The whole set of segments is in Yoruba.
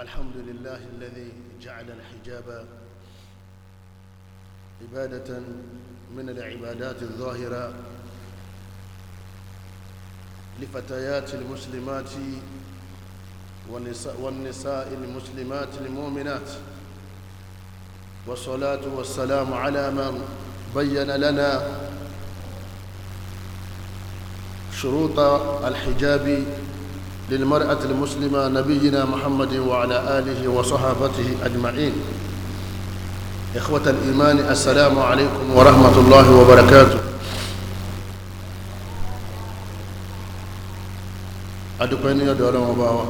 الحمد لله الذي جعل الحجاب عبادة من العبادات الظاهرة لفتيات المسلمات والنساء المسلمات المؤمنات والصلاة والسلام على من بين لنا شروط الحجاب للمرأة المسلمة نبينا محمد وعلى آله وصحابته أجمعين إخوة الإيمان السلام عليكم ورحمة الله وبركاته adúpẹ́ ní ọ̀dọ̀ ọlọ́run ọba wa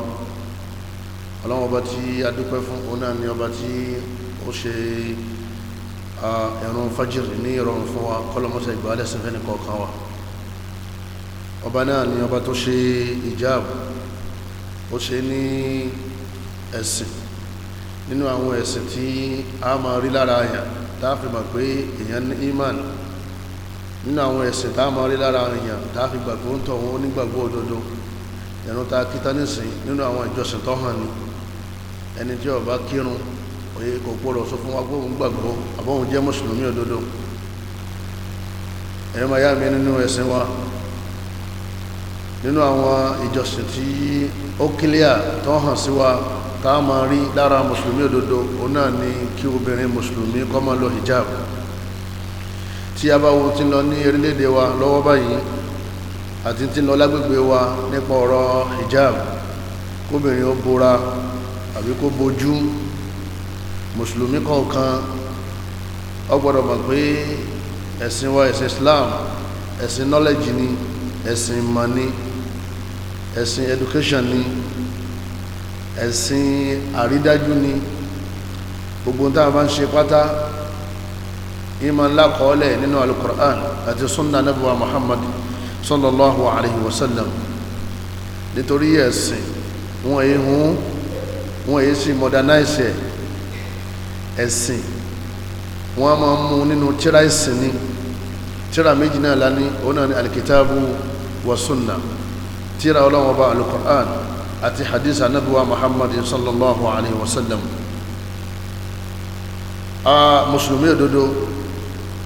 ọlọ́run ọba tí adúpẹ́ fún òun náà ni ọba tí ó ṣe ẹ̀rùn fajiri ní ìrọ̀rùn fún wa kọlọmọsẹ̀ ìgbàlẹ́sìn fẹ́ni kọ̀ọ̀kan wa ọba náà ni ọba tó ṣe ìjáàbù o ṣe ní ẹ̀sìn nínú àwọn ẹ̀sìn tí a máa rí lára àyàn táàfi pé èèyàn iman nínú àwọn ẹ̀sìn tá máa rí lára èèyàn táàfi gbàgbọ́ ń tọ̀ wọn onígbàgbọ́ òdodo ẹ̀rùn ta kíta nísìn nínú àwọn ìjọsìn tó hàn ní ẹni tí ó kírun òye kò gbọ́dọ̀ sọ fún òun gbàgbọ́ wa nínú àwọn ìjọsìn tí ó kílíà tó hàn sí wa tá máa rí lára mùsùlùmí òdodo òun náà ni kí obìnrin mùsùlùmí kó máa lo hijab tí a bá wo ti lọ ní orílẹ̀-èdè wa lọ́wọ́ báyìí àti ti lọ lágbègbè wa nípa ọ̀rọ̀ hijab kóbìnrin ó bora àbí kó bojú mùsùlùmí kọ̀ọ̀kan ó gbọ́dọ̀ mọ̀ pé ẹ̀sìn wa ẹ̀sìn Islam ẹ̀sìn knowledge ni ẹ̀sìn ìmọ̀ ni ẹ̀sìn education ni ẹ̀sìn àrídájú ni gbogbo tá a bá ń ṣe pátá ìmọ̀ lákọọ́lẹ̀ nínú alukur'an àti sunna nabuwa muhammad sallallahu alaihi wasallam nítorí ẹ̀sìn wọn èyí hún wọn èyí sì modernize ẹ̀sìn wọn a máa mú nínú tíra ẹ̀sìn ni tíra méjì náà lá òun náà ni alikitabu wa sunna tíra ọlọ́wọ́n bá alukur'an àti hadith anabiwa muhammad sallallahu alayhi wa sallam a mùsùlùmí òdodo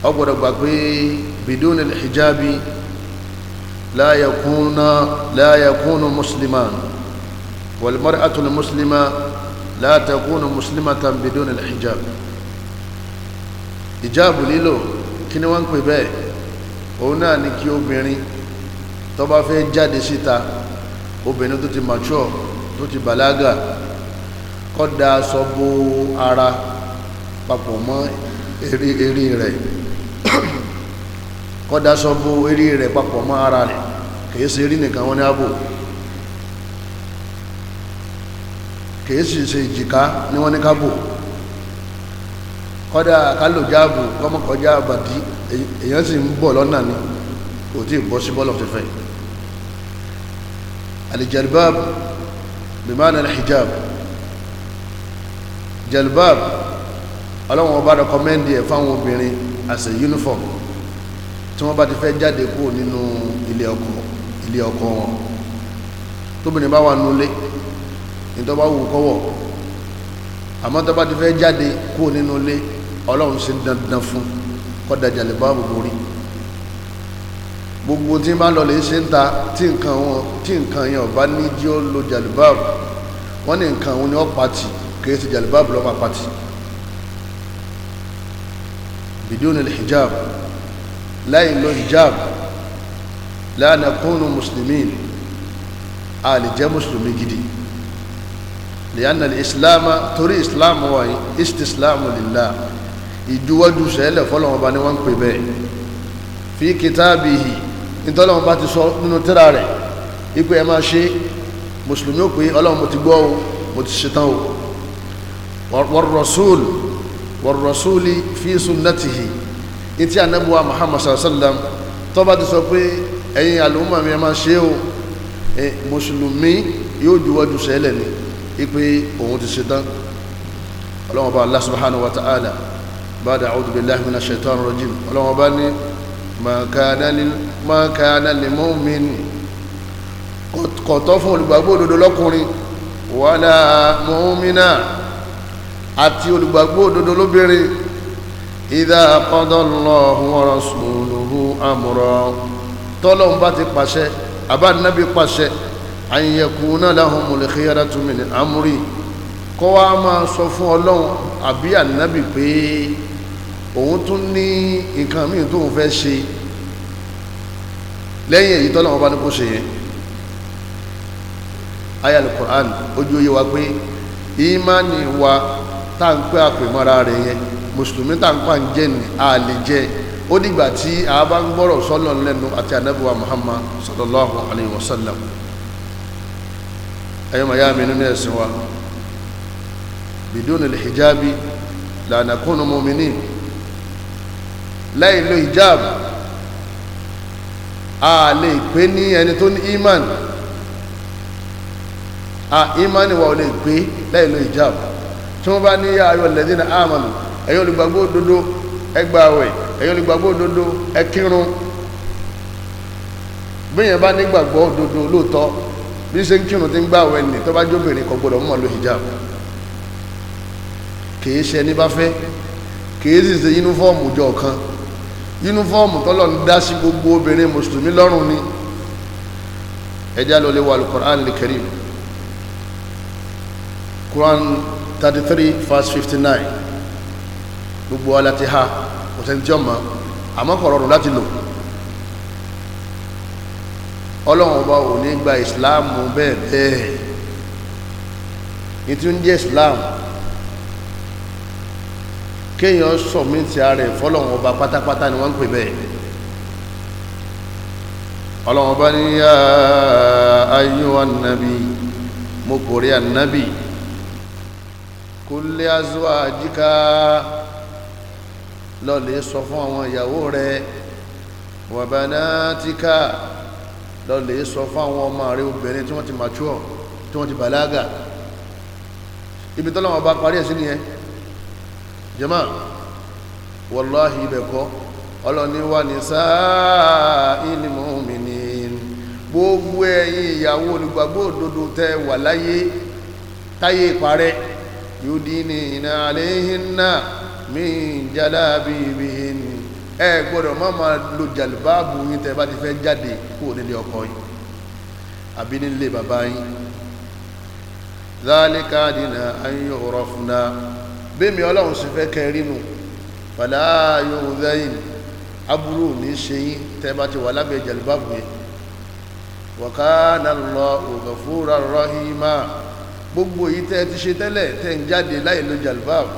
ó gbọ́dọ̀ gbà pé bidun alhijabi la yakuna la yakunu musliman wal mar'atu al muslima la takunu muslimatan bidun alhijab ìjáàbù lílò kí ni wọ́n ń pè bẹ́ẹ̀ òun náà ni kí obìnrin tó bá fẹ́ jáde síta obìnrin tó ti mature tó ti bàlágà kọ́ da aṣọ bo ara papọ̀ mọ́ eri rẹ̀ kọ́ da aṣọ bo eri rẹ̀ papọ̀ mọ́ ara rẹ̀ kìí ṣe eré nìkan wọ́n ní ààbò kìí sì ṣe ìjìká ní wọ́n ní kábò kọ́dà kálò jáàbù kọ́mọkọjá àbàdí èèyàn sì ń bọ̀ lọ́nà ni kò tí ì bọ́ sí bọ́ọ̀lù ọ̀fẹ́fẹ́ yìí alìjẹ̀lbáb bimánà alìhijab jẹ̀lbáb ọlọ́wọ́n bá rẹkọmẹ́ndì ẹ̀ fáwọn obìnrin as a uniform tí wọ́n bá ti fẹ́ jáde kúrò nínú ilé ọkọ ilé ọkọ wọn tóbìnrin bá wà nulẹ̀ ìtọ́ba wù kọ́wọ̀ àmọ́ tó bá ti fẹ́ jáde kúrò nínú ilé ọlọ́run ṣe dandan fún kọ́dà jẹ̀lbáb borí gbogbo tí bá lọ lè ṣe ń ta tí nǹkan wọn tí nǹkan yẹn ọba ní jí ó lo jalibab wọn ní nǹkan wọn ni wọn pati kìí ṣe jalibab lọ́ọ́ máa pati bidon alhijab láì lo hijab la nakunu muslimin a lè mùsùlùmí gidi lẹ́yìn alìsílámà torí ìsìlámù wáyé ìsìlámù lillah ìjúwájú sẹ́lẹ̀ fọlọ́wọ́n ba ni wọ́n ń pè bẹ́ẹ̀ fi kìtàbìhì ìtọ́lọ́run bá ti sọ nínú tírà rẹ̀ ipò ẹ máa ṣe mùsùlùmí ò pé ọlọ́run mo ti gbọ́ o mo ti ṣetán o wọ́rọ̀súl wọ́rọ̀súlì fi sunnatihi etí anábùwà muhammad sallam tó bá ti sọ pé ẹ̀yin àlùmọ́ mi ẹ máa ṣe o mùsùlùmí yóò juwọ́jú sẹ́lẹ̀ ni ipò òun ti ṣetán ọlọ́run bá allah subhanahu wa ta'ala bá da'udhu billahi minash shaitani rajim ọlọ́run bá ní màkàdánilẹ́ ma kana lil mu'min kọ̀tọ́ fún olùgbàgbọ́ òdodo lọ́kùnrin wala mu'mina àti olùgbàgbọ́ òdodo lóbìnrin idha qadallahu wa rasuluhu amra tọ́lọ́hun bá ti pàṣẹ àbá nábì pàṣẹ an yakuna lahumul khiyaratu min amri kọ́ wa máa sọ fún ọlọ́run àbí ànábì pé òun tún ní nǹkan míì tóun fẹ́ ṣe lẹ́yìn èyí tọ́lọ́wọ́ bá ní kó ṣe yẹn aya alukur'an ojú oyé wa pé ìmánì wa tá n pẹ́ àpèmọ́ra rẹ̀ yẹn mùsùlùmí tá n pa ń jẹ́ ní a lè jẹ́ ó dìgbà tí a bá ń gbọ́rọ̀ sọ́lọ̀ lẹ́nu àti anábíwá muhammad sallallahu alayhi wa sallam ẹ̀yọ́ yá mi nínú ẹ̀sìn wa bidun alhijabi la nakunu mu'minin láì lo hijab a lè pé ní ẹni tó ní iman a iman wa ò lè pé láì lo hijab tí wọ́n bá ní ayọ̀ lẹ́dínà amanu ẹ̀yin olùgbàgbọ́ òdodo ẹ gbààwẹ̀ ẹ̀yin olùgbàgbọ́ òdodo ẹ kírun bá nígbàgbọ́ òdodo lóòótọ́ bí ṣe ń kírun ti ń gbààwẹ̀ ni tó bá jóbìnrin gbọdọ̀ mọ̀ ẹni bá fẹ́ kì yúnífọ́ọ̀mù tọ́lọ̀ ń dá sí gbogbo obìnrin mùsùlùmí lọ́rùn ni ẹjá lọ lè wà al-Qur'an al-Karim Quran 33 verse 59 gbogbo wa láti ha o ọmọ àmọ́ kò rọrùn láti lò ọlọ́run ọba ò ní gba ìsìláàmù bẹ́ẹ̀ bẹ́ẹ̀ ní tí ó ń jẹ́ kéèyàn sọ̀mìtì ara ẹ̀ fọ́lọ́wọ́n ọba pátápátá ni wọ́n ń pè bẹ́ẹ̀ ọlọ́wọ́n bá ní yá ayyuha annabi mo kò rí ànábì kulli azwajika lọ́lẹ̀ sọ fún àwọn ìyàwó rẹ̀ wa banatika lọ́lẹ̀ sọ fún àwọn ọmọ rẹ̀ obìnrin tí wọ́n ti mature tí wọ́n ti bàlágà ibi tọ́lọ́wọ́n ọba parí ẹ̀ sí nìyẹn jẹ́mà wọláhì ibẹ̀ kọ́ ọlọ́ni wà ní sáà ìlú mọ́mìnì gbogbo ẹ̀yin ìyàwó olùgbàgbọ́ òdodo tẹ́ wà láyé táyé ìparẹ́ yudini iná aléhìnà min jalabibihin ẹ gbọ́dọ̀ má máa lo jàlùbáàbù yín tẹ́ bá ti fẹ́ jáde kúrò nílé ọkọ yín àbí nílé bàbá yín zálíkà dínà ayé ọ̀rọ̀ bẹ́ẹ̀mí ọlọ́run sì fẹ́ kẹ rínú pàdá yóò zẹ́yìn aburú ní ṣe yí tẹ́bá ti wà lábẹ́ jẹ̀lúbàbù yẹn wàkánà lọ ògàfúra rọ́hìmá gbogbo yìí tẹ́ ti ṣe tẹ́lẹ̀ tẹ́ ń jáde láì lo jẹ̀lúbàbù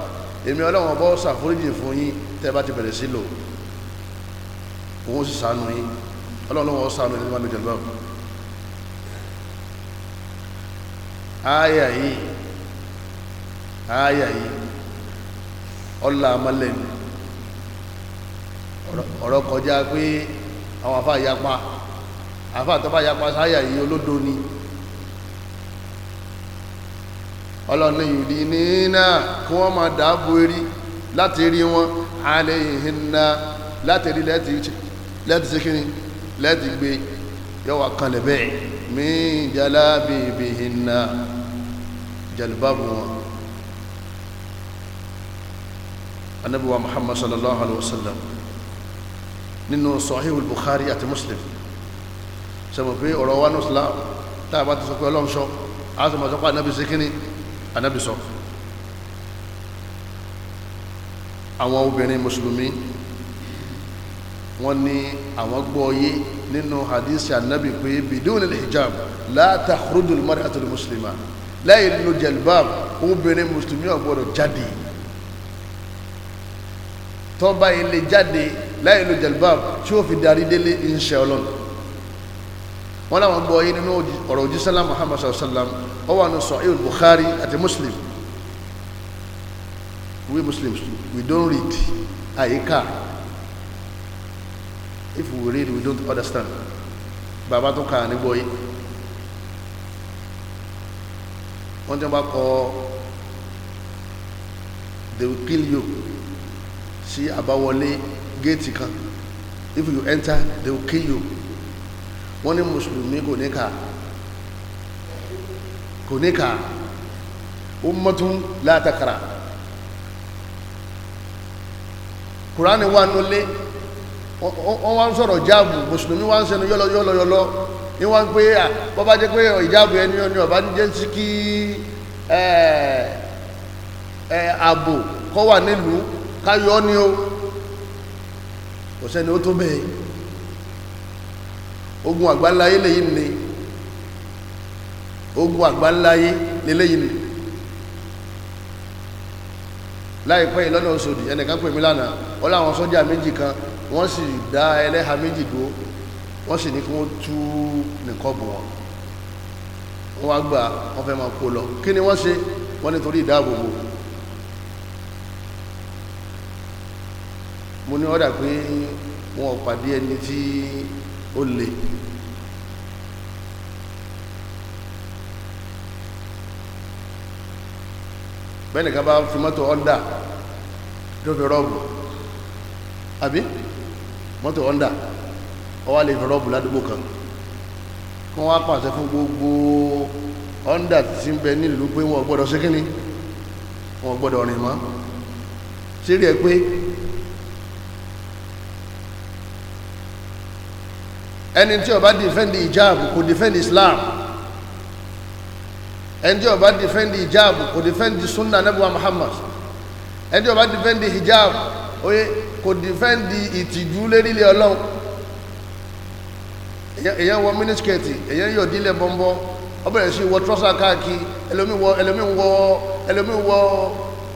èmi ọlọ́run bọ́ ṣàforíjì fún yín tẹ́bá ti bẹ̀rẹ̀ sí lò òun sì sànú yín ọlọ́run lọ́wọ́ sànú yín nígbà lo jẹ̀lúbàbù áyà yìí ọ̀la amalẹ́nu ọ̀rọ̀ kọjá pé àwọn afá yapa afá àtọ́fà yapa sáyà yìí olódo ni ọlọ́ni ìdí nínà kí wọ́n máa dáàbò erí láti rí wọn alẹ́ ìhìnà láti rí lẹ́ti ṣe kíni gbé yọwà kanlẹ̀ bẹ́ẹ̀ mí jalabi jalibabu wọn anabi wa muhammad sallallahu alaihi wa sallam nínú sahihul bukhari àti muslim sọmọ pé ọ̀rọ̀ wa ní islam tá a bá ti sọ pé ọlọ́run sọ a sọ ma sọ pé anabi ṣe kíni anabi sọ àwọn obìnrin mùsùlùmí wọ́n ní àwọn gbọ́ yé nínú hadisi anabi pé bidun al-hijab la takhrujul mar'atul muslima láì lo jalbab obìnrin mùsùlùmí ò gbọ́dọ̀ jáde tó bá ilé jáde láì lo jalbab tí ó fi darí délé insha Allah wọn làwọn gbọ́ yé nínú ọ̀rọ̀ òjísàlá muhammad sallam ó wà ní sahih bukhari àti muslim we muslims we don't read àyíká if we read we don't understand bàbá tó kàn ní gbọ́ yé wọ́n ti bá kọ́ they will kill you sí àbáwọlé géètì kan if you enter they will kill you wọ́n ní mùsùlùmí kò ní kà kò ní kà ummatun la takra kùránì wà nulẹ̀ wọ́n wá ń sọ̀rọ̀ jáàbù mùsùlùmí wá ń sẹnu yọ́lọ́yọ́lọ́ ní wọ́n pé bọ́bá jẹ́ pé ìjáàbù ẹni ọ̀nà ọ̀bá jẹ́ sí kí ààbò kọ́ káyọ́ ni o kò sẹ́ni ó tó bẹ́ẹ̀ ogun àgbáláyé lẹ́yìn ni ogun àgbáláyé lẹ́yìn ni láìpẹ́ ìlọ́nà Òṣòdì ẹnìkan pè mí lánàá wọ́n láwọn sọ́jà méjì kan wọ́n sì dá ẹlẹ́ha méjì dúró wọ́n sì ní kí wọ́n tú nìkan bù wọ́n wọ́n wá gbà wọ́n fẹ́ máa kó lọ kí ni wọ́n ṣe wọ́n nítorí ìdáàbòbò mo ní ọ̀dà pé wọn pàdé ẹni tí ó le bẹ́ẹ̀nìkan bá fi mọ́tò ọ́ndà tó fi rọ́ọ̀bù àbí mọ́tò ọ́ndà ọwá lè fi rọ́ọ̀bù ládùúgbò kan kí wọ́n á pàṣẹ fún gbogbo ọ́ndà tí ń bẹ nílùú pé wọ́n gbọ́dọ̀ ṣe kíni wọ́n gbọ́dọ̀ rìn mọ́ sírí ẹ pé ẹni tí ó bá defend hijab. kò defend islam ẹni tí ó bá dìfẹ́ndì ìjáàbù kò dìfẹ́ndì sunna nebuwa muhammad ẹni tí ó bá defend hijab oye kò dìfẹ́ndì ìtìjú lérílẹ̀ ọlọ́run èyàn wọ mínísíkẹ̀tì èyàn yọ dílẹ̀ bọ́ńbọ́ ó bẹ̀rẹ̀ sí wọ trọ́sà káàkiri ẹlòmí wọ ẹlòmí wọ ẹlòmí wọ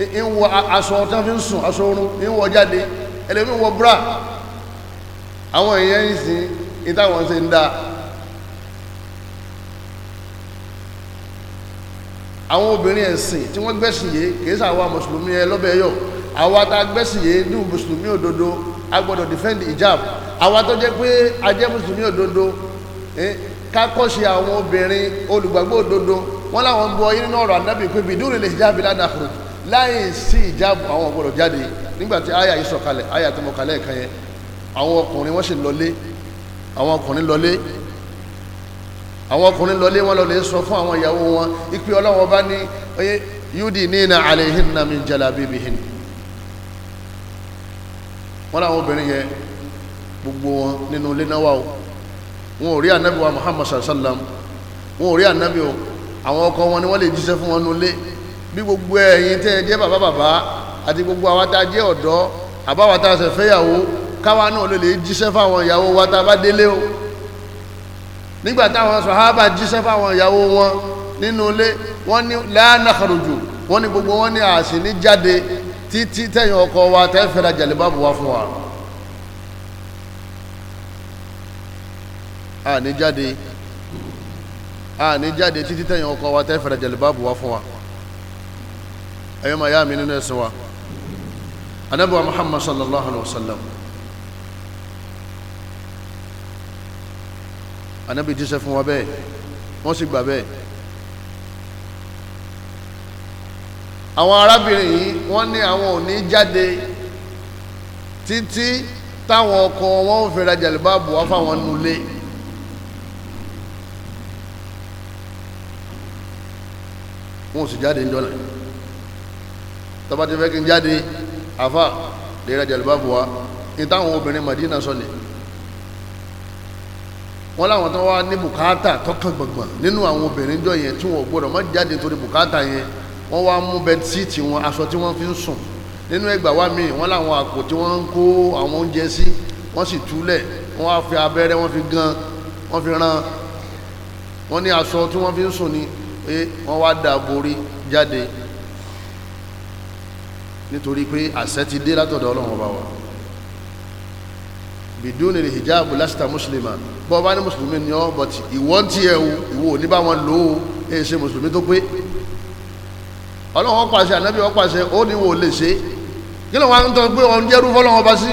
ń wọ aṣọ tí wọ́n fi ń sùn aṣọ oorun ń wọ jáde ẹlòmí wọ bra àwọn èyàn yìí sìn Ita ṣe ń dáa àwọn obìnrin ẹ̀sìn tí wọ́n gbẹ̀sìn yé kìí sàwa mùsùlùmí ẹ lọ́bẹ̀ ẹ̀yọ̀ àwa tá a gbẹ̀sìn yé ní mùsùlùmí òdodo a gbọ́dọ̀ defend hijab àwa tó jẹ́ pé a jẹ́ mùsùlùmí òdodo kákọ́ṣe àwọn obìnrin olùgbàgbọ́ òdodo wọ́n láwọn ń bọ yín nínú ọ̀rọ̀ anábì pé bìdúrì lè hijab ládàá fún láì sí hijab àwọn gbọ́dọ̀ jáde nígbà tí àyà yìí sọ̀kalẹ̀ àyà tó mọ̀kalẹ̀ kan yẹn àwọn ọkùnrin wọ́n sì lọlé àwọn ọkùnrin lọlé àwọn ọkùnrin lọlé wọn lọlé sọ fún àwọn ìyàwó wọn ìpè ọlọ́wọ́n bá ní yúdì ní iná àlehinna min jalabibihin wọn làwọn obìnrin yẹn gbogbo wọn nínú ilé náà wà o wọn ò rí ànábì wa Muhammad sallam wọn ò rí ànábì o àwọn ọkọ wọn ni wọ́n lè jíṣẹ́ fún wọn nulẹ̀ bí gbogbo ẹ̀yin tẹ́ ẹ jẹ́ bàbá bàbá àti gbogbo àwa tá a jẹ́ ọ̀dọ́ àbáwa tá a ṣe fẹ́yàwó káwa náà lè lè jíṣẹ́ fáwọn ìyàwó wa tá a bá délé o nígbà táwọn sàhábà jíṣẹ́ fáwọn ìyàwó wọn nínú ilé wọ́n ní la nakhruju wọ́n ní gbogbo wọ́n ní àṣì ní jáde títí tẹ̀yìn ọkọ wa tẹ́ fẹ́ra jàlẹ́bàbù wa fún wa. àní jáde àní jáde títí tẹ̀yìn ọkọ wa tẹ́ fẹ́ra jàlẹ́bàbù wa fún wa. ẹ̀yọ́ màá yá mi nínú ẹ̀sìn wa. anábìwá muhammad sallallahu alayhi wa sallam. anabi jíṣẹ́ fún wa bẹ́ẹ̀ wọ́n sì gbà bẹ́ẹ̀ àwọn arábìnrin yìí wọ́n ní àwọn ò ní jáde títí táwọn ọkọ wọn ò fẹ́ra jàlíbáàbù wá fáwọn nulẹ̀ wọn ò sì jáde ńjọ́ náà tọ́ba ti fẹ́ kí n jáde àfa lè ra jàlíbáàbù wá ní táwọn obìnrin Madina sọ nìyí wọ́n láwọn tó wá ní bùkátà tọkàn gbọ̀ngbọ̀n nínú àwọn obìnrin jọ yẹn tí wọ́n gbọ́dọ̀ má jáde torí bùkátà yẹn wọ́n wá mú bẹdsíìtì wọn aṣọ tí wọ́n fi ń sùn nínú ẹgbà wá míì wọ́n láwọn àpò tí wọ́n ń kó àwọn oúnjẹ sí wọ́n sì túlẹ̀ wọ́n wá fi abẹ́rẹ́ wọ́n fi gan wọ́n fi ran wọ́n ní aṣọ tí wọ́n fi ń sùn ni pé wọ́n wá da borí jáde nítorí pé àṣẹ ti dé látọ̀dọ̀ ọlọ́run ọba wa bidúnil hijab lásìtà mùsùlùmá bọ́ bá ní mùsùlùmí ni ọ́ bọ̀tì ìwọ ń tiẹ̀ o ìwọ ò ní bá wọn lò ó ẹ̀ ṣe mùsùlùmí tó pé ọlọ́wọ́n pàṣẹ ànábì wọ́n pàṣẹ ó ní wò lè ṣe kí ló wà ń tọ́ pé wọ́n jẹ́rú fọlọ́wọ́n bá sí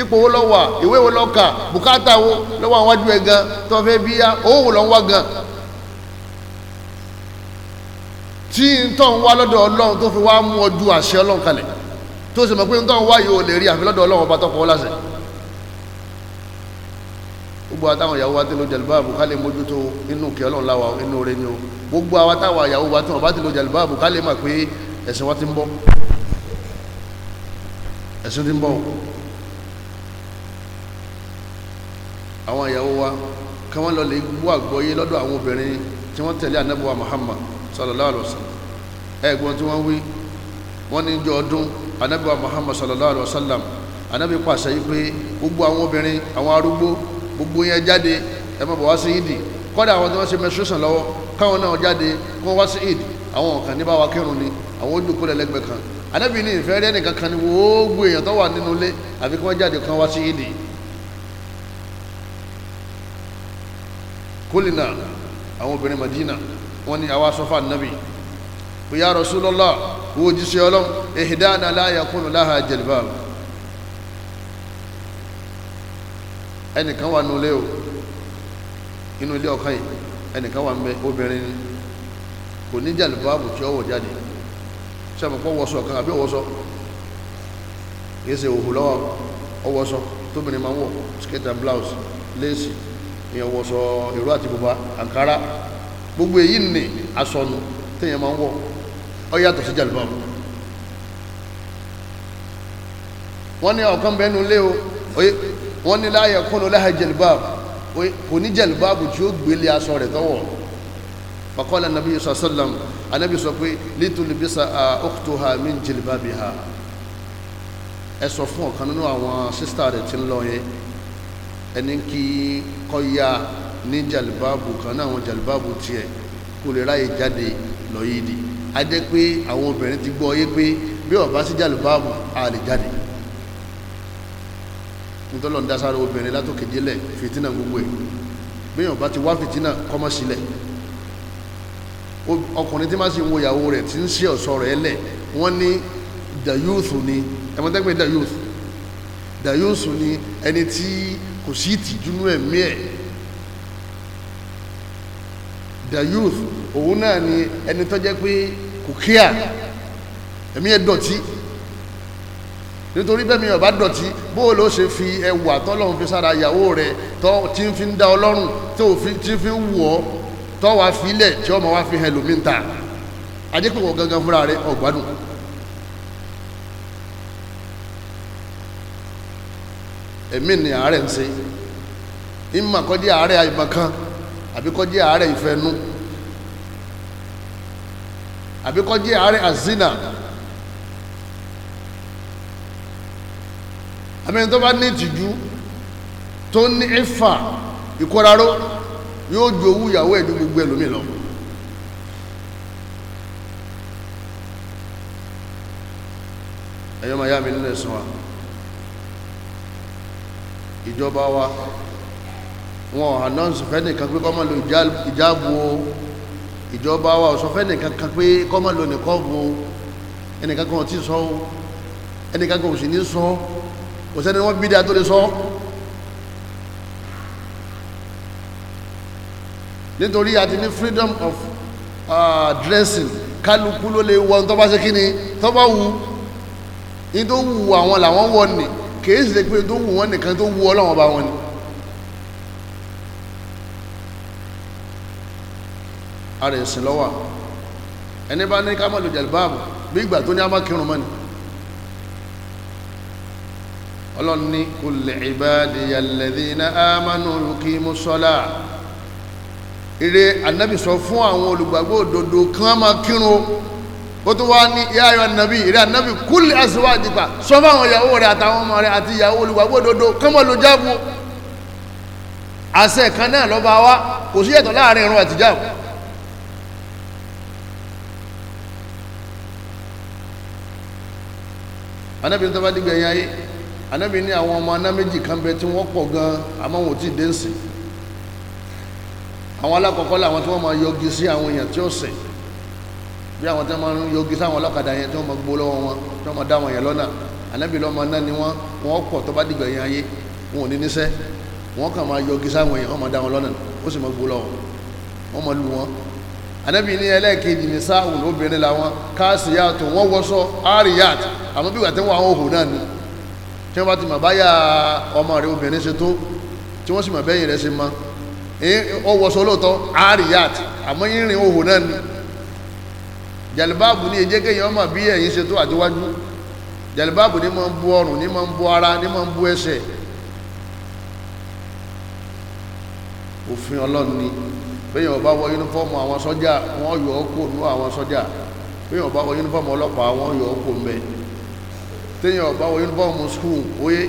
ipò wo lọ wà ìwé wo lọ kà bùkátà wo lọ́wọ́ àwọn wájú ẹ gan tó fẹ́ bí yá owó wo lọ ń wá gan tí n tọ́ ń wá lọ́dọ̀ ọlọ́run tó fi wá mú ọdún àṣẹ ọlọ́run kalẹ̀ tó sì mọ̀ pé n tọ́ ń wá yìí ò lè rí àfi lọ́dọ̀ ọlọ́run ọba tọ́kọ̀ lásẹ̀ gbogbo àtàwọn ìyàwó wa tí lo jàlùbáàbù ká lè mójútó inú kí ọlọ́run láwa inú rẹ ni o gbogbo àwọn àtàwọn ìyàwó wa tí wọn bá ti lo jàlùbáàbù ká lè mà pé ẹ̀sìn wa ti ń bọ̀ ẹ̀sìn ti ń bọ̀ àwọn ìyàwó wa kí lọ lè gbọ́ àgbọ́yé lọ́dọ̀ àwọn obìnrin tí wọ́n tẹ̀lé anábọ̀wá Muhammad sallallahu alaihi wasallam ẹ̀gbọ́n tí wọ́n wí wọ́n ní jọ ọdún anábọ̀wá Muhammad sallallahu alaihi wasallam anábì pàṣẹ yìí pé gbogbo àwọn obìnrin àwọn arúgbó gbogbo yẹn jáde ẹ má bọ̀ wá sí ìdì kọ́dà àwọn tí wọ́n ṣe menstruation lọ́wọ́ káwọn náà jáde kí wọ́n wá sí ìdì àwọn kan ní bá wa kírun ni àwọn ó dùnkúlẹ̀ lẹ́gbẹ̀ẹ́ kan anábì ní ìfẹ́ rẹ́ nìkan kan ni gbogbo èèyàn tó wà nínú ilé àfi kí wọ́n jáde kan wá sí ìdì kólínà àwọn obìnrin Madina wọ́n ní àwa sọ́fà nábì ya Rasulullah wo jíṣẹ́ ọlọ́run ihdana la yakunu ẹnìkan wà nínú ilé o inú ilé ọkàn yìí ẹnìkan wà mẹ obìnrin kò ní jàlùbáàbù tí ó wọ̀ jáde sẹ́mọ̀pọ̀ wọ́sọ kan àbí ọwọ́sọ kìí ṣe òhù lọ́wọ́ ọwọ́sọ tóbìnrin máa ń wọ̀ skirt and blouse léèsì ìyẹn ọwọ́sọ ìró àti bùbá àǹkárá gbogbo èyí ni asọnù téèyàn máa ń wọ̀ ó yàtọ̀ sí jàlùbáàbù wọ́n ní ọ̀kan bẹ́ẹ̀ nu lé o wọ́n ní láàyè kúnnú láhà jẹ̀lbáàbù kò ní jẹ̀lbáàbù tí ó gbélé aṣọ rẹ̀ tọ́wọ̀ faqala nàbí yusuf sallam anabi sọ pé litulbisa ukhtuha min jilbabiha ẹ sọ fún ọ̀kan nínú àwọn sísítà rẹ̀ tí ń lọ yẹn ẹni kí kọ́ ya ní jàlùbáàbù kan náà àwọn jàlùbáàbù tiẹ̀ kò lè ráyè jáde lọ yìí di a pé àwọn obìnrin ti gbọ́ yé pé bí ó sí jàlùbáàbù a lè jáde nítọ́lọ̀ ń dására obìnrin látòkè délẹ̀ fìtínà gbogbo ẹ̀ bíyàn bá ti wá fìtínà kọ́mọ́ sílẹ̀ ọkùnrin tí máa sì wo ìyàwó rẹ̀ tí ń ṣe ọ̀ṣọ́ rẹ̀ lẹ̀ wọ́n ní the youth ni ẹ̀mọ́tẹ́gbẹ́ the youth the youth ni ẹni tí kò sí ìtìjúnú ẹ̀mí ẹ̀ the youth òun náà ni ẹni tó jẹ́ pé kò kíà ẹ̀mí ẹ̀ dọ̀tí nítorí bẹ́ẹ̀ mi ò bá dọ̀tí bóò ló ṣe fi ẹwà fi sára ìyàwó rẹ̀ tó tí ń fi ń da ọlọ́run tó fi ń wù ọ́ tó wà fílẹ̀ tí ọmọ wa fi hàn lómi ń ta gangan fúnra rẹ̀ ọ̀gbádùn. èmi ni àárẹ̀ ń ṣe ìmọ̀ àárẹ̀ àìmọ̀ kan àbí àárẹ̀ ìfẹ́nu àbí àárẹ̀ àmì tó bá ní ìtìjú tó ní ìfà ìkóraró yóò ju owó ìyàwó ẹ̀dùn gbogbo ẹlòmí lọ ẹ̀yọ́ maya mi nínú ẹ̀sùn wa ìjọba wa wọn ànáǹsì fẹ́nìkan pé kọ́mọ lo ìjáàbò ìjọba wa ọ̀sọ̀ fẹ́nìkan kan pé kọ́mọ lo nìkọ́ọ̀bù ẹnìkan kan ò tí sọ ẹnìkan kan ò sì ní sọ ọ́ kò sẹ́ni wọ́n bí dáa tó lè sọ nítorí a ti ní freedom of uh, dressing kálukú ló lè wọ tó bá ṣe kí ni tó bá wù ní tó wù àwọn làwọn wọ ni kìí ṣe pé tó wù wọn nìkan tó wù ọlọ́wọ́n bá wọn ni. ara ẹ̀sìn lọ́wọ́ ẹni bá ní ká má lo jàlbáàbù bí ìgbà tó ní á má kírun mọ́ ni ọlọ́run ní kulli ibadiya alladhina amanu yuqimu sọ́lá eré anabi sọ fún àwọn olùgbàgbọ́ òdodo kí wọ́n máa kírun ó tún wá ní ya ayyuha anabi eré anabi kulli azwajika sọ fún àwọn ìyàwó rẹ àtàwọn ọmọ rẹ àti ìyàwó olùgbàgbọ́ òdodo kí wọ́n lo jáàbù àṣẹ kan náà lọ́ba wa kò sí yàtọ̀ láàrin irun àti jáàbù. anabi ní tọ́ba dìgbẹ̀yìn ayé anábì ní àwọn ọmọ aná méjì kan bẹ tí wọ́n pọ̀ gan àmọ́ wọn ò tí ì dé nsìn àwọn alákọ̀ọ́kọ́ làwọn tí wọ́n máa yọgi sí àwọn èèyàn tí ó sìn bí àwọn tí wọ́n máa yọgi sáwọn ọlọ́kadà yẹn tí wọ́n máa gbó lọ́wọ́ wọn tí wọ́n máa dá wọn yẹn lọ́nà anábì lọ́mọ náà ni wọ́n wọ́n pọ̀ tó bá dìgbà yẹn ayé wọn ò ní níṣẹ́ wọ́n kàn máa yọgi sáwọn èèyàn wọ́n máa dá wọn lọ́nà ó sì máa gbó lọ́wọ́ wọ́n máa lu wọn anábì ní ẹlẹ́ẹ̀kejì ní sáà wùn obìnrin làwọn káàsì yàtọ̀ wọ́n wọ́sọ àríyàt àmọ́ bí wà tí wọ́n àwọn òhùn náà ni tí wọ́n bá ti mọ̀ báyà ọmọ rẹ̀ obìnrin ṣe tó tí wọ́n sì mọ̀ bẹ́yìn rẹ̀ ṣe mọ́ ó wọṣọ lóòótọ́ àárìyàt àmọ́ yìnrìn òhò náà ni jàlibáàbù ní ejé kéèyàn ọmọ bí ẹ̀yìn ṣe tó àtiwájú jàlibáàbù ní máa ń bu ọrùn ní máa ń bu ara ní máa ń bu ẹsẹ̀ òfin ọlọ́run ni bẹ́yìn ọba wọ yúnífọ́ọ̀mù àwọn sọ́jà wọ́n yọ ọ́ kò nú àwọn sọ́jà bẹ́yìn ọba wọ yúnífọ́ọ̀mù ọlọ́pàá wọ́n yọ ọ́ kò mbẹ́ẹ̀ téèyàn ọba wọ yunifọ́ọ̀mù skul oyé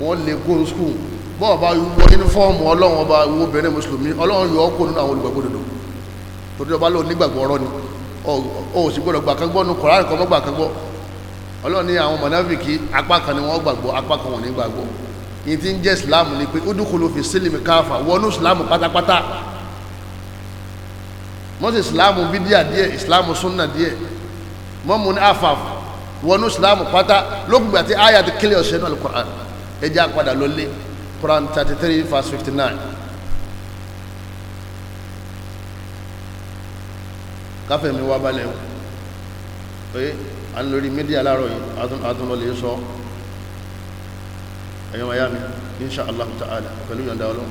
wọ́n lè gó skul bọ́ ọba wọ yunifọ́ọ̀mù ọlọ́run ọba wo obìnrin mùsùlùmí ọlọ́run yọ ọkọ nínú àwọn olùgbàgbọ́ dodo torí ọba ló nígbàgbọ́ ọ̀rọ̀ ni ó sì gbọ́dọ̀ gbà kán gbọ́ nu kọ̀ọ̀rọ̀ àìkọ́ mọ́gbà kán gbọ́ ọlọ́run ní àwọn mọ̀nàfíkì apá kan ni wọ́n gbàgbọ́ apá kan wọ́n ní gbàgbọ́ yìí ti ń jẹ́ islam ni pé udukulu fi sílìmì káfà wọnú islam pátápátá mọ́sí islam bídíà díẹ̀ islam sunna díẹ̀ mọ́mú ní afáfù wọnú islam pátá lókùgbà tí aya ti kílẹ̀ ọ̀sẹ̀ náà alukur'an ẹ jẹ́ àpàdà lọ́lé quran thirty three verse fifty nine. káfẹ́ mi wá balẹ̀ o pé à ń lórí mídíà láàárọ̀ yìí àtúnlọ́lẹ̀ sọ ẹ̀yọ́ wáyà mi insha allah ta'ala pẹ̀lú yọ̀ǹda ọlọ́run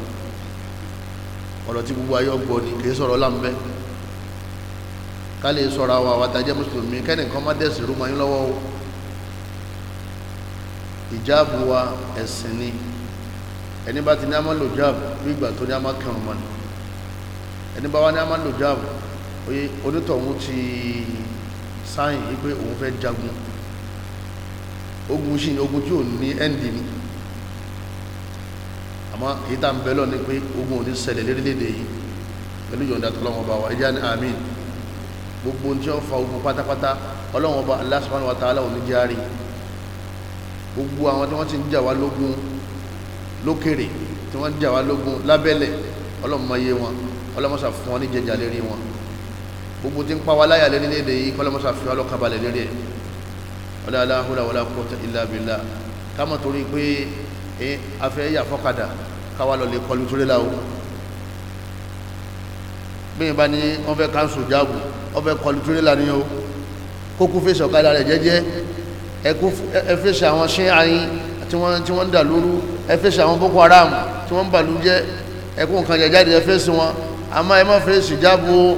ọ̀rọ̀ tí gbogbo ayé ọgbọ́n ni kì í sọ̀rọ̀ láǹbẹ́ ká lè sọ̀rọ̀ àwọn àwọn àtàjẹ́ mùsùlùmí kẹ́nìkan má dẹ̀sí rú mọ́ yín lọ́wọ́ o ìjáàbù wa ẹ̀sìn ni ẹni bá ti ní a máa lò jáàbù bí ìgbà tó ní a máa kẹrùn mọ́ ni ẹni bá wá ní a máa lò jáàbù oye onítọ̀hún ti sáyìn wípé òun fẹ́ jagun ogun sí ogun tí ò ní ẹ́ndì ni àmọ́ èyí tá ń bẹ lọ ni pé ogun ò ní ṣẹlẹ̀ lérílẹ̀-èdè yìí pẹ̀lú ìyọ̀ǹda tọ́lọ́wọ́n bá wa ẹjá ní àmín gbogbo tí wọ́n fa ogun pátápátá ọlọ́run ọba Allah subhanahu wa ta'ala ní járe gbogbo àwọn tí wọ́n ti ń jà wá lógun lókèrè tí wọ́n ń jà wá lógun lábẹ́lẹ̀ ọlọ́run máa yé wọn ọlọ́mọṣà fún wọn ní jẹjà lérí wọn gbogbo tí ń pa wá láyà lérí léde yìí kọ́lọ́mọṣà fi wọn lọ́kàbalẹ̀ lérí ẹ̀ ọlọ́lá húlà wọlá quwwata illa billah kámọ̀ torí pé afẹ́ yà fọ́kadà káwà lọ lè kọlu tó lé láwọ́ bí ní wọ́n fẹ́ káńsù jáàbù ọbẹ̀ kọlu tírélà ni o kókó fèsì ọ̀kadà rẹ̀ jẹ́jẹ́ ẹ fèsì àwọn ṣé ayin tí wọ́n tí wọ́n ń dà lóru ẹ fèsì àwọn boko haram tí wọ́n ń bàlú jẹ́ ẹ kó nǹkan jẹ jáde ẹ fèsì wọn àmọ́ ẹ má fèsì jábo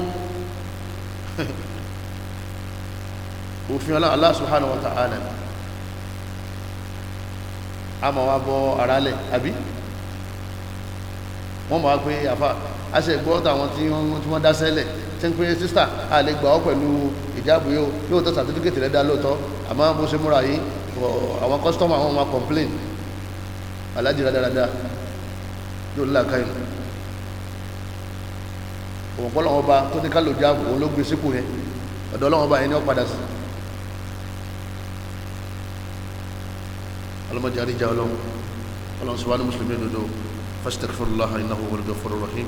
òfin Allah subhanahu wa ta'ala a máa wá bọ́ ara lẹ̀ àbí wọ́n máa pé àfa àṣẹ ìgbọ́ tàwọn tí wọ́n dá sẹ́lẹ̀ tí ń pe sísà a lè gbà ọ́ pẹ̀lú ìjáàbù yìí o lóòótọ́ sàtífíkètì rẹ̀ dá lóòótọ́ àmọ́ bó ṣe múra yìí àwọn kọ́sítọ́mù àwọn máa complain aláàjì rádaràda yóò láàká yìí òun kọ́ lọ́wọ́ bá tó ní ká lò jáàbù òun ló gbé sípò yẹn ọ̀dọ̀ lọ́wọ́ bá yẹn ní ó padà sí ọlọ́mọdé àríjà ọlọ́run ọlọ́run sọ wá ní mùsùlùmí òdodo fastaghfirullah innahu huwal ghafurur rahim